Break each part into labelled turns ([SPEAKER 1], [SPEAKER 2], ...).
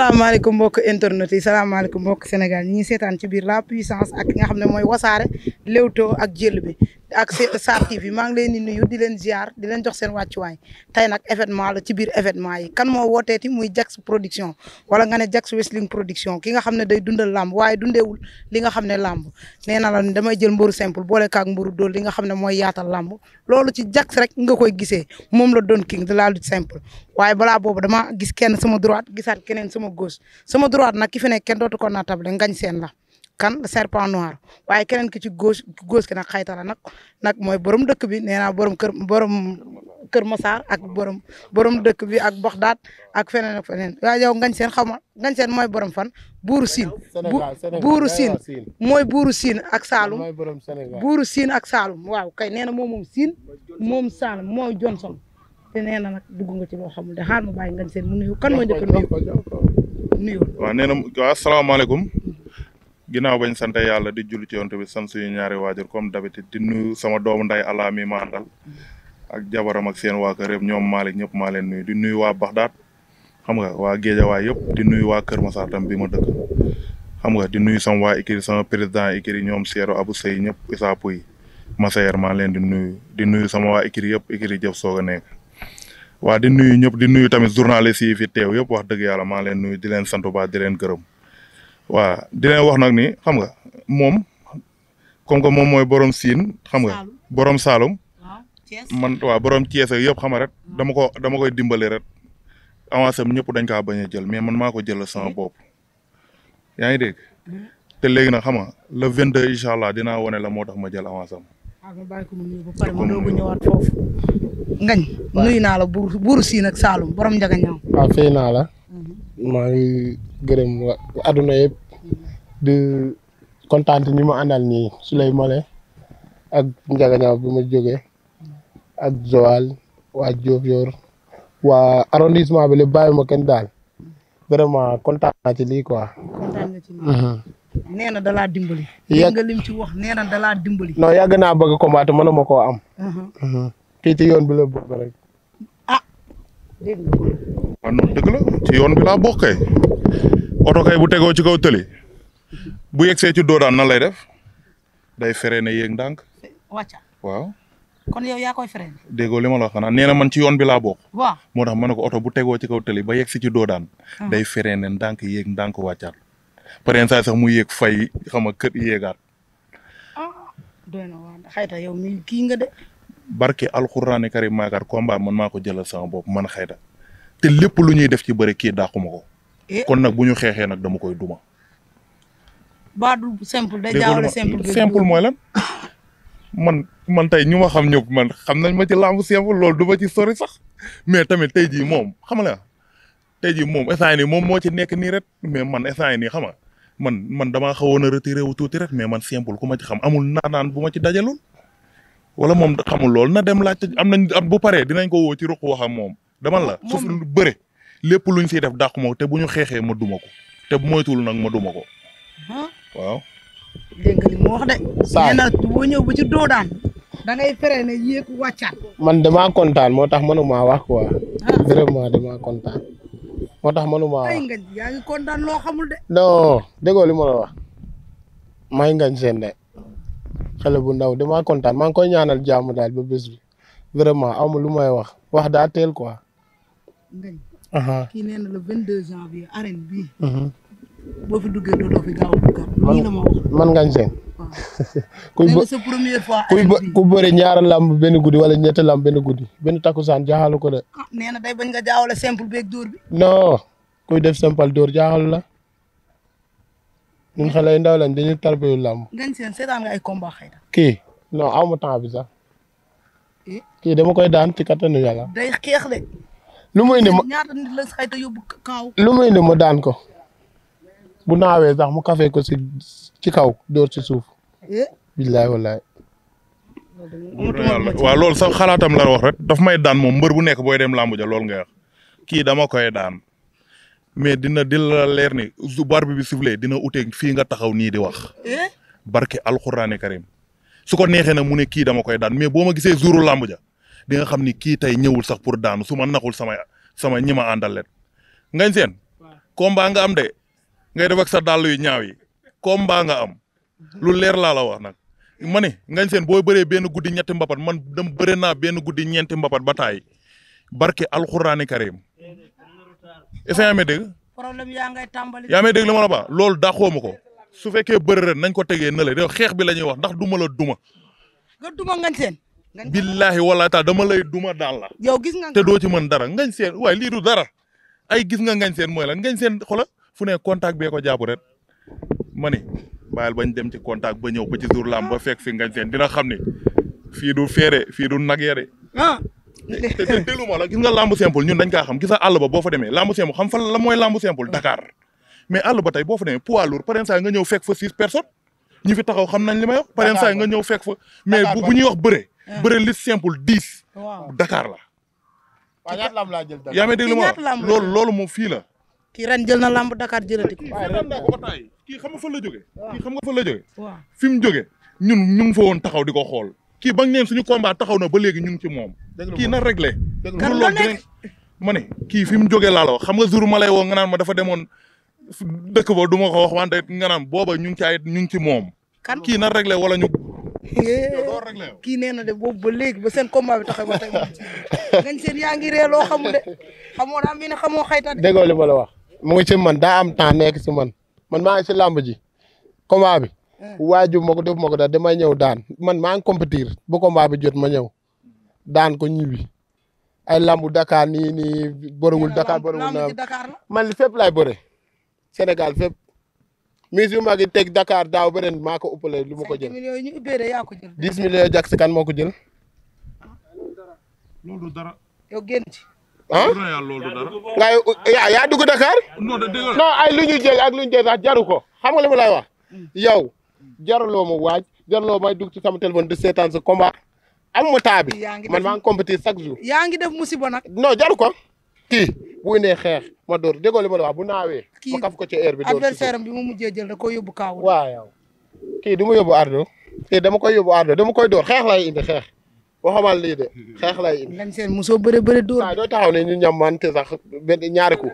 [SPEAKER 1] salaamaaleykum mbokk internet yi salaamaaleykum mbokk Sénégal ñi ngi seetaan ci biir la puissance ak ki nga xam ne mooy wasaare Leewtoo ak jël bi ak Sarr TV maa ngi leen di nuyu di leen ziar di leen jox seen wàccuwaay tey nag événement la ci biir événement yi kan moo wooteeti muy Jax production wala nga ne Jax Wrestling production ki nga xam ne day dundal làmb waaye dundeewul li nga xam ne làmb nee na la damay jël mburu simple boole kaak mburu dóol li nga xam ne mooy yaatal làmb loolu ci Jax rek nga koy gisee moom la doon king de la lutte simple waaye balaa boobu dama gis kenn sama droite gisaat keneen sama gauche sama droite nag ki fi nekk kenn dootu ko naatable ngañ seen la kan serpent noir waaye keneen ki ci gauche gauche ki nag xaytala nag nag mooy borom dëkk bi nee naa borom kër borom kër Masaar ak borom borom dëkk bi ak box daat ak feneen ak feneen waaye yow ngañ seen xaw ma ngañ seen mooy borom fan buuru siin buuru siin mooy buuru siin ak Saalum buuru siin ak Saalum waaw kay nee na moom moom siin moom Saalum mooy Johnson te nee na nag dugg nga ci loo xamul de xaar ma bàyyi ngañ seen mu nuyu kan moo njëkk nuyu nuyu
[SPEAKER 2] waaw nee na ginnaaw bañ sant yàlla di julli ci yonent bi sant suñu ñaari waajur comme d'habitude di nuyu sama doomu nday alaa mi ak jabaram ak seen waa kër ñoom Malick ñëpp maa leen nuyu di nuyu waa Baxdaat xam nga waa Géejawaay yëpp di nuyu waa Kër Massar tam bi ma dëkk xam nga di nuyu sama waa Ikiri sama président Ikiri ñoom Seero Abou Sey ñëpp Issa Pouy Massayer maa leen di nuyu di nuyu sama waa Ikiri yëpp Ikiri jëf soog a nekk. waa di nuyu ñëpp di nuyu tamit journaliste yi fi teew yëpp wax dëgg yàlla maa leen nuyu di leen santu bu di leen gërëm. waaw di leen wax nag ni xam nga moom comme moom mooy borom siin xam nga borom Saalum man waaw borom Thiès ak yëpp xam nga rek mm. dama ko dama koy dimbali rek avancé am ñëpp dañ kaa bañ a jël mais man maa ko jël sama bopp yaa ngi dégg mm. te léegi nag xam nga le 22 incha allah dinaa wane la moo tax ma jël avance am
[SPEAKER 1] waaw ah, ma bàyyi a ñëwaat foofu. ngañ nuyu naa la buur buur siin Saalum borom njaga ñaaw.
[SPEAKER 3] waaw ah, fay naa la. Mhm. maa ngi gërëm wa adduna yëpp. Mhm. di kontaan ñi ma àndal nii Souley Mole ak njaga ñaaw bi ma jógee. Mhm. ak Joal waa Diofior waa arrondissement bi le bàyyi ma kenn daal vraiment kontaan naa ci lii quoi.
[SPEAKER 1] nee na dalaa dimbali. yàgg nga ci wax nee na dalaa dimbali. non yàgg naa
[SPEAKER 3] bëgg combattre mënu ma koo am. kii uh-huh. uh-huh. ci yoon bi la bokk ah. ah,
[SPEAKER 2] yoon oto kay bu tegoo ci kaw tëli bu yegsee ci doodaan na lay def day freiné yéeg ndànk. wàcca waaw.
[SPEAKER 1] kon yow yaa koy freiné.
[SPEAKER 2] déggoo li xanaa nee na man ci yoon bi laa moo tax ma ko oto bu tegoo ci kaw tëli ba yegsi ci doodaan. Uh-huh. day freiné ndànk yéeg ndànk wàccaat. pareen saa sax mu yéeg fay xam nga kër yéegaat.
[SPEAKER 1] ah doy na waa xayta yow mi kii nga de.
[SPEAKER 2] barke alxuraani karim maakaar combat man maa ko jëlal sama bopp man xayta te lépp lu ñuy def ci bëri kii dàquma ko. Eh? kon nag bu ñu xeexee nag dama koy duma.
[SPEAKER 1] du simple day jaawale simple simple mooy
[SPEAKER 2] lan. man man tey ñu ma xam ñëpp ma xam nañ ma ci làmb simple loolu du ma ci sori sax mais tamit tey jii moom xam nga tey jii moom instant nii moom moo ci nekk nii rek mais man instant nii xam nga man man damaa xawoon a retiré wu tuuti rek mais man simple ku ma ci xam amul naan bu ma ci dajalul. wala moom xamul lool na dem laajte am nañ bu paree dinañ ko woo ci ruq wax ak moom. dama la suuf lu bëre lépp luñ siy def dàq ma te bu ñu xeexee ma duma ko te bu moytuwul nag ma duma ko. waaw. dégg
[SPEAKER 3] nga li mu wax de. saa na boo ñëw ba ci doodaan.
[SPEAKER 1] da ngay feree yéeg wàccaat.
[SPEAKER 3] man damaa kontaan moo tax manuma wax quoi. Ah. vraiment damaa kontaan. moo tax manuma ay
[SPEAKER 1] ngañ yaa ngi kontaan de.
[SPEAKER 3] non déggoo li may ngañ seen de xale bu ndaw damaa kontaan maa ngi koy ñaanal jàmm daal ba bés bi vraiment amul lu may wax wax daa teel quoi.
[SPEAKER 1] ngañ. kii le 22 janvier boo a man man Ngagne
[SPEAKER 3] Sène. kuy bë kuy bë ku bëri ñaara làmb benn guddi wala ñetti làmb benn guddi benn takkusaan jaaxalu ko de.
[SPEAKER 1] Ah, nee na day bañ nga jaawale simple beeg dóor
[SPEAKER 3] kuy def simple door jaaxalu la ñun xale ndaw la dañuy tarbiyu làmb.
[SPEAKER 1] Ngagne Sène seetaan nga
[SPEAKER 3] kii non amu temps bi sax. Eh? kii dama koy daan ci kattanu lu muy indi ma
[SPEAKER 1] ñaata lu muy indi ma
[SPEAKER 3] daan ko. bu naawee sax mu kafe ko si ci kaw dóor si suuf. Eh? billaay wallaay.
[SPEAKER 1] waaw lool
[SPEAKER 2] sax xalaatam la rek daf may daan moom mbër bu nekk booy dem làmb ja loolu ngay wax kii dama koy daan mais dina di leer ni su barbe bi siflee dina uteeg fii nga taxaw nii di wax eh? barke alxuraani karim su ko neexee na mu ne kii dama koy daan mais boo ma gisee jouru làmb ja xam ni kii tey ñëwul sax pour daanu su ma naxul sama sama ñi ma àndal seen combat nga am de ngay def ak sa dàll yu ñaaw yi baa nga am lu leer laa la wax nag ma ne ngañ seen boo bëree benn guddi ñetti mbapat man dem bëre naa benn guddi ñeenti mbapat ba taay barke alxuraani karim est-ce que yaa may dégg.
[SPEAKER 1] problème tàmbali. yaa may
[SPEAKER 2] dégg li loolu dàqoo ma ko su fekkee bëri ren nañ ko tegee na la xeex bi la ñuy wax ndax duma la duma.
[SPEAKER 1] nga duma ngañ seen.
[SPEAKER 2] billahi wala taal dama lay duma daal la. yow gis nga te doo ci mën dara ngañ seen waaye lii du dara ay gis nga ngañ seen mooy la ngañ seen xola fu ne contact bee ko jàpp rek ma ni bàyyil bañ dem ci contact ba ñëw ba ci jour lamb ba fekk fi ngañ seen dina xam ne fii du feere fii du nag yere ah te la gis nga lamb simple ñun dañ kaa xam gis nga àll ba boo fa demee lamb simple xam fa la mooy lamb simple ah. Dakar mais àll ba tey boo fa demee poids lourd par exemple nga ñëw fekk fa six personnes ñi fi taxaw xam nañ li may wax par exemple nga ñëw fekk fa mais bu ñuy wax bëre ah. bëre li simple dix Dakar la
[SPEAKER 1] waaw ñaata lamb laa jël Dakar yaa ngi déglu ma loolu loolu moom fii la kii ren jël na lamb Dakar jëlati ko. waaw ren ko ba taay kii xam nga fa la jógee. kii xam nga
[SPEAKER 2] fa la jógee. fi mu jógee ñun ñu ngi fa woon taxaw di ko xool. kii ba ngeen suñu combat taxaw na ba léegi ñu ngi ci moom. kii na réglé. kan la ma ne kii fi mu jógee laa la xam nga jour ma lay ma dafa demoon dëkk ba du ma ko wax wante nga naan booba ñu ngi ci ñu ngi ci moom. kan kii na réglé wala ñu.
[SPEAKER 1] kii nee na de boobu ba léegi ba seen combat bi taxaw ba tey moom. ngañ seen yaa ngi ree loo xamu de xamoo daa mel ne xamoo xayta de. déggoo li
[SPEAKER 3] wax mu ngi si man daa am temps nekk si man man maa ngi si làmb ji combat bi waaju ma ko def ma ko daal ñëw daan man maa ngi compétir bu combat bi jot ma ñëw daan ko ñibbi ay làmbu dakaar nii nii borowul Dakar borowul na man li fépp laay bëre Sénégal fépp mise yu dakaar daa teg Dakar daaw beneen lu ma ko
[SPEAKER 1] jël. kan moo ko jël. ah ngay yaa
[SPEAKER 3] yaa dugg Dakar
[SPEAKER 2] non ay lu ñu
[SPEAKER 3] jël ak lu sax jaru ko xam nga li ma lay wax mm. yow jaruloo ma waaj jaruloo may dugg ci sama téléphone di seetaan sa combat am ma taa bi man maa ngi compétir chaque jour. yaa ngi def musiba nag.
[SPEAKER 1] non jaru ko
[SPEAKER 3] kii bu indee xeex ma dóor déggoo li ma la wax bu naawee. kii ma kaf ko ci air bi dóor adversaire
[SPEAKER 1] am bi mu mujjee jël da koo yóbbu kaaw. waaw yow
[SPEAKER 3] kii du ma yóbbu Ardo kii dama koy yóbbu Ardo dama koy dóor xeex lay indi xeex. waxamal lii de xeex lay indi. seen musoo bëre bëre dóor. waaw doo taxaw ne ñu ñamante sax benn ñaari ko. ko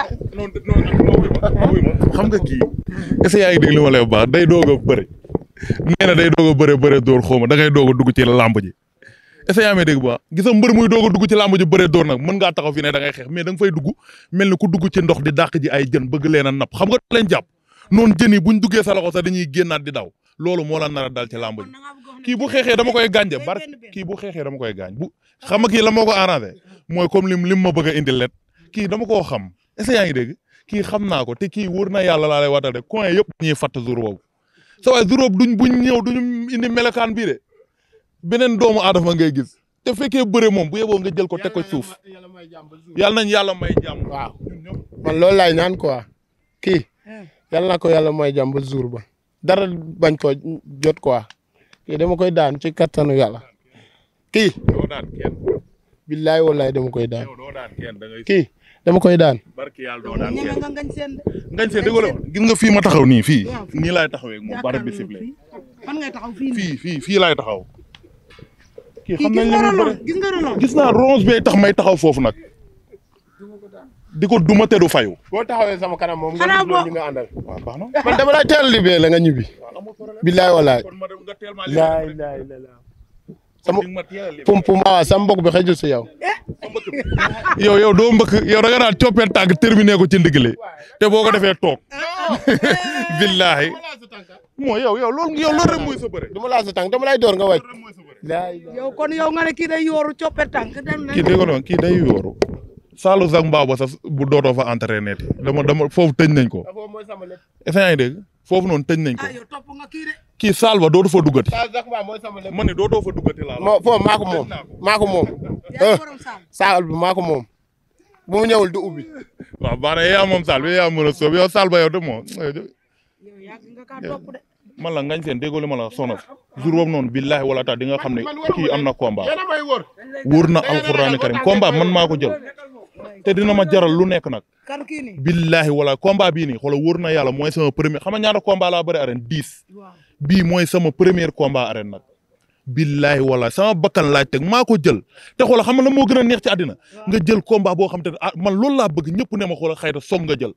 [SPEAKER 2] ah. non xam nga kii. est-ce que yaa ngi dégg li ma lay baax day doog a bëri. nee na day doog a bëre bëre dóor xaw ma da dugg ci làmb ji. est-ce que baax gisa mbër muy doog a dugg ci làmb ji bëre dóor nag mën ngaa taxaw fi ne da ngay xeex mais da nga fay dugg mel ni ku dugg ci ndox di dàq ji ay jën bëgg leen a napp xam nga leen jàpp noonu jën yi buñ duggee sa loxo sax dañuy génnaat di daw loolu moo la nar a dal ci làmb ji kii bu xeexee dama koy gànje bar kii bu xeexee dama koy gaañ bu xam nga kii la moo ko arrangé mooy comme lim lim ma bëgg a indi kii dama koo xam est-ce que yaa ngi dégg kii xam naa ko te kii wóor na yàlla laa lay watal de coin yëpp ñuy fàtt jour boobu sa waay jour boobu duñ buñ ñëw duñu indi melokaan bii beneen doomu aadama ngay gis te fekkee bëre moom bu yeboo nga jël
[SPEAKER 3] ko teg ko suuf yàlla nañ yàlla may jàmm waaw man loolu laay ñaan quoi kii eh. yàlla na ko yàlla may jàmm ba ba dara bañ koo jot quoi kii dama koy daan ci kattanu yàlla kii. doo daan kenn. billaay koy daan. doo daan da ngay. koy daan. barki yàlla doo daan
[SPEAKER 2] kenn. ngañ gis nga fii ma taxaw nii fii.
[SPEAKER 3] nii laay taxawee
[SPEAKER 2] moom bari bi sible.
[SPEAKER 1] fan ngay taxaw fii
[SPEAKER 2] fii fii fii taxaw. xam nañ
[SPEAKER 1] gis nga ronge gis naa
[SPEAKER 2] ronge tax may taxaw foofu nag. di ko duma te du fayu.
[SPEAKER 3] boo taxawee sama kanam moom nga ñu nga àndal. waaw baax na man dama lay teel libee la nga ñibbi. billaay walaay. laay laay la sama pum pum waaw sama mbokk bi xëjul si yow.
[SPEAKER 1] Eh? yow yow
[SPEAKER 2] doo mbëkk yow da nga naan coppeel tànk terminé ko ci ndigle te boo ko defee toog. Oh. billahi
[SPEAKER 3] mooy yow yow loolu yow loolu rek mooy sa bëre. dama laa sa tànk dama lay nga wàcc. yow kon yow nga ne kii day yooru coppeel tànk.
[SPEAKER 2] kii day yooru. saalu sax mbaaw ba bu dootoo fa entraîné dama dama foofu tëj nañ ko. est-ce dégg foofu noonu tëj nañ ko. Ah, kii saal dootu fa duggati. ma
[SPEAKER 3] ne dootoo fa duggati laa. moo foofu maa ko moom maa moom. Euh, saal bi maa ko moom. bu ubbi.
[SPEAKER 2] waaw baax na
[SPEAKER 3] yaa
[SPEAKER 2] la ngañ seen déggoo li ma la sonof noonu billahi wala ta di xam ne kii am na combat wóor na alxuraani karim combat man maa ko jël te dina ma jaral lu nekk nag. kan kii nii billaahi wala combat bii nii xoolal wóor na yàlla mooy sama premier xam nga ñaata combat laa bëri arène dix. bii mooy sama premier combat arène nag. billaahi wala sama bakkan laaj teg maa ko jël te xoolal xam nga la moo gën a neex ci àddina. nga jël combat boo xam te ne ah man loolu laa bëgg ñëpp ne ma xoolal xëy na soog nga jël.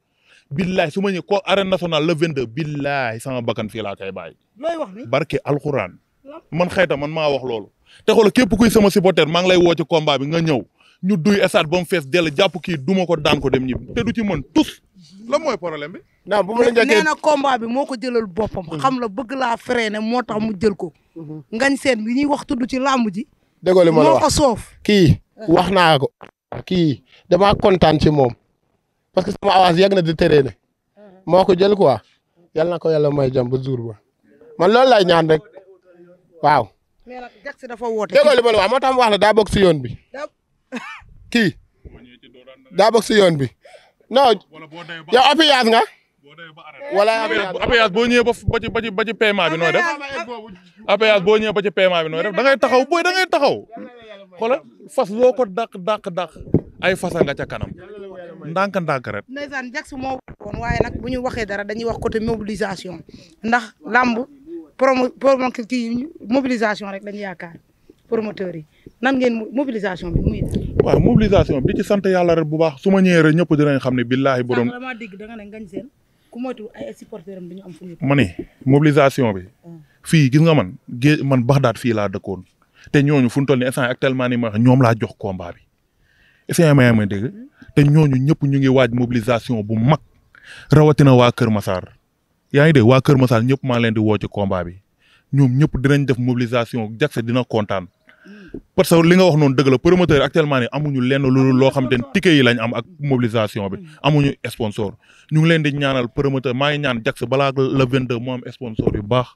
[SPEAKER 2] billaay su ma ñëw ko arène nationale le 22 billaay sama bakkan fii laa koy bàyyi. looy wax ni barke alxuraan. man xëy man maa wax loolu. te xoolal képp kuy sama supporter maa ngi lay woo ci bi nga ñëw ñu duy esaat ba mu fees dell jàpp kii duma ko daan ko dem ñibbi te du ci mën tus
[SPEAKER 1] la mooy problème bi. naa bu ma la njëkkee nee na combat bi moo ko jëlal boppam. Mm. xam la bëgg laa freiné moo tax mu jël ko. Mm-hmm. ngañ seen bi ñuy wax tudd ci làmb ji. déggoo ma la wax moo ko soof.
[SPEAKER 3] kii wax naa ko. kii damaa kontaan ci moom parce que sama avance yàgg na di tere moo ko jël quoi yal na ko yàlla may jàmm ba jour man loolu lay ñaan rek waaw.
[SPEAKER 1] mais nag Jax dafa woote. déggoo li ma la wax moo tax
[SPEAKER 3] mu wax la daa bokk si yoon bi. kii daa bokk si yoon bi non yow appuyage nga. wala
[SPEAKER 2] appuyage boo ñëwee ba ci ba ci ba ci paiement bi nooy def appuyage boo ñëwee ba ci paiement bi nooy def da ngay taxaw booy da ngay taxaw xoolal fas loo ko dàq dàq dàq ay fasa nga ca kanam ndànk ndànk rek.
[SPEAKER 1] ndeysaan Jax moo waxoon waaye nag bu ñu waxee dara dañuy wax côté mobilisation ndax làmb promo promo kii mobilisation rek dañu yaakaar promoteurs yi. nan ngeen mobilisation bi muy
[SPEAKER 2] waaw mobilisation bi di ci sant yàlla rek bu baax su ma ñëwee rek ñëpp dinañ xam ne billaahi borom dama
[SPEAKER 1] dégg da nga ku moytu ma ne
[SPEAKER 2] mobilisation bi ah. fii gis nga man géej man Baxdaad fii la dëkkoon te ñooñu fu ñu toll ni instant actuellement ni ma ñoom laa jox combat bi essayé ma ma dégg te ñooñu ñëpp ñu ngi waaj mobilisation bu mag rawatina waa Kër masaar yaa ngi dégg waa Kër Massar ñëpp maa leen di woo ci combat bi ñoom ñëpp dinañ def mobilisation jaxse dina kontaan parce que li nga wax noonu dëgg la promoteur actuellement ni amuñu lenn lu loo xam te ne ticket yi lañ am ak mobilisation bi hmm. amuñu sponsor ñu ngi leen di ñaanal promoteur maa ngi ñaan Jax balaa le 22 mu am sponsor yu baax.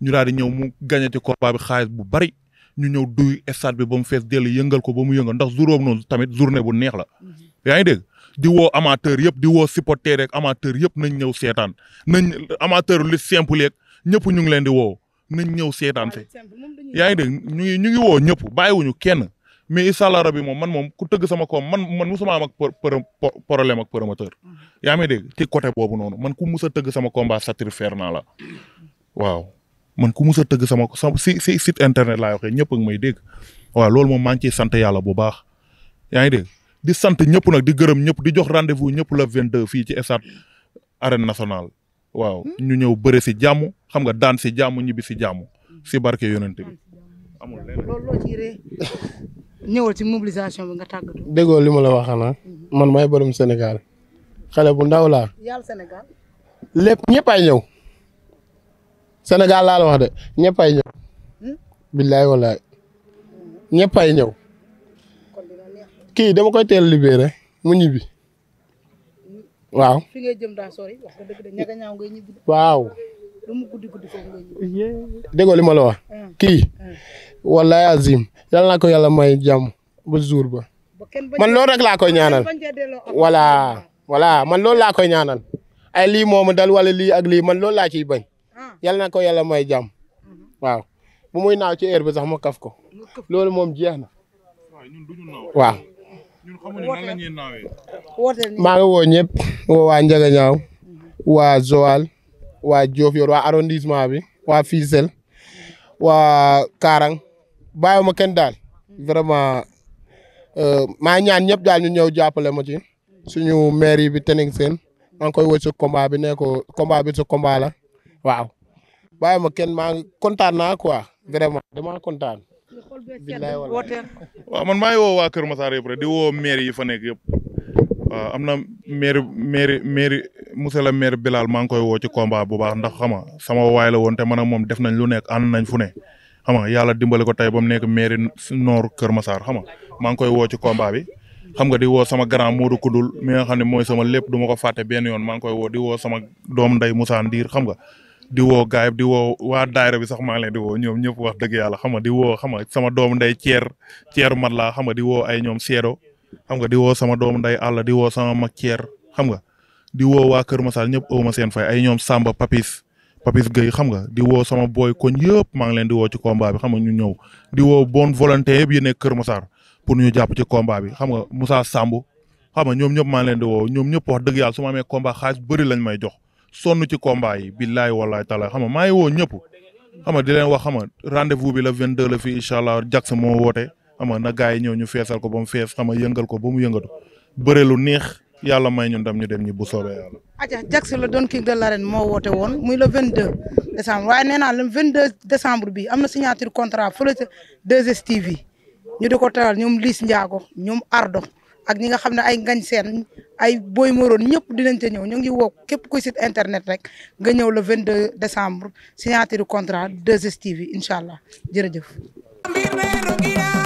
[SPEAKER 2] ñu daal di ñëw mu gagné ci combat bi xaalis bu bari ñu ñëw duy stade bi ba mu fees dell yëngal ko ba mu yëngal ndax jour noonu tamit journée bu neex la. Hmm. yaa ngi dégg di woo amateur yëpp di woo supporter rek amateur yëpp nañ ñëw seetaan nañ amateur li simple yeeg ñëpp ñu ngi leen di woo. nañ ñëw seetaan si yaa ngi dégg ñu ngi ñu woo ñëpp bàyyiwuñu kenn mais incha allah rabi moom man moom ku tëgg sama koom man man musuma am ak problème ak promoteur mm-hmm. yaa ngi dégg ci côté boobu noonu man ku mus a tëgg sama combat satisfaire naa la waaw man ku mus a tëgg sama si si site internet laa waxee ñëpp ak may dégg waaw loolu moom maa ngi ciy sant yàlla bu baax yaa ngi dégg di sant ñëpp nag di gërëm ñëpp di jox rendez-vous ñëpp la 22 fii ci stade arène waaw hmm? ñu ñëw bëre si jàmm xam nga daan si jàmm ñibbi si jàmm si barke yonent bi
[SPEAKER 1] amul leneen loolu loo ci mobilisation bi nga tàggatoo.
[SPEAKER 3] déggoo la wax xanaa hmm. man maay borom Sénégal xale bu ndaw laa. yàlla lépp ñëpp ay ñëw. Sénégal laa wax de ñëpp ay ñëw. Hmm? billaay walaay ñëpp ay ñëw. kii dama koy teel libéré mu ñibbi. waaw
[SPEAKER 1] fi ngay jëm daa sori wax nga dëgg de ñaga ñaaw ah. Ah. kii.
[SPEAKER 3] wallaay azim yal naa ko yàlla may jàmm ba jour ba. man loolu rek laa ko ñaanal. voilà voilà man loolu laa koy ñaanal. ay lii moom dal wala lii ak lii man lool laa ciy bañ. Ah. yal na ko yàlla may jàmm. Mhm. waaw bu muy naaw ci heure bi sax ma kaf ko. loolu moom jeex waaw. maa ngi woo woo waa Njagañaaw waa Joal waa Diofior waa arrondissement bi waa Fissel waa Kaarang bàyyiwuma kenn daal vraiment euh, maa ñaan ñëpp daal ñu ñëw jàppale ma ci suñu maire bi Tening Sène ngi koy wëcc sa combat bi nee ko combat bi sa combat la waaw bàyyiwuma kenn maa ngi kontaan naa quoi vraiment damaa kontaan. bilaay walaay waaw man maa ngi
[SPEAKER 2] woo waa Kër Massar yëpp rek di woo maire yi fa nekk yëpp. waaw euh, am na maire maire maire monsieur le maire Bilal maa ngi koy woo ci combat bu baax ndax xama sama waay la woon te man ak moom def nañ lu nekk ànd nañ fu ne xam nga yàlla dimbali ko tey ba mu nekk maire nord Kër Massar xam nga maa ngi koy woo ci combat bi. xam nga di woo sama grand Modou Kudul mi nga xam ne mooy sama lépp du ko fàtte benn yoon maa ngi woo di woo doom nday Moussa Ndiir xam nga. di woo gaay di woo waa daayira bi sax maa ngi leen di woo ñoom ñëpp wax dëgg yàlla xam nga di woo xam nga sama doom nday Thier Thier mat laa xam nga di woo ay ñoom Seedo xam nga di woo sama doomu nday àll di woo sama mag ceer xam nga di woo waa Kër Masal ñëpp aw ma seen fay ay ñoom Samba Papis Papis Gueye xam nga di woo sama booy koñ yëpp maa ngi leen di woo ci combat bi xam nga ñu ñëw di woo bonne volonté yëpp yi nekk Kër pour ñu jàpp ci combat bi xam nga Moussa Samb xam nga ñoom ñëpp maa ngi leen di woo ñoom ñëpp wax dëgg yàlla su ma amee combat xaalis bëri lañ may jox sonn ci combat yi billaay wallaay taala xam na maa woo ñëpp xam nga di leen wax xam nga rendez-vous bi la 22 la fii incha allah Jackson moo woote xam nga na gars yi ñëw ñu feesal ko ba mu fees xam nga yëngal ko ba mu yëngatu bëre lu neex yàlla may ñun ndam ñu dem ñu bu yàlla.
[SPEAKER 1] aja Jackson la doon king de l'arène moo woote woon muy le 22 décembre waaye nee bi am na signature contrat fële ca 2STV ñu di ko teral ñoom Liss Ndiago ñoom Ardo ak ñi nga xam ne ay ngañ seen ay boy moroon ñëpp dinañ ca ñëw ñu ngi woo képp kuy site internet rek nga ñëw le 22 décembre signature contrat 2STV incha allah jërëjëf.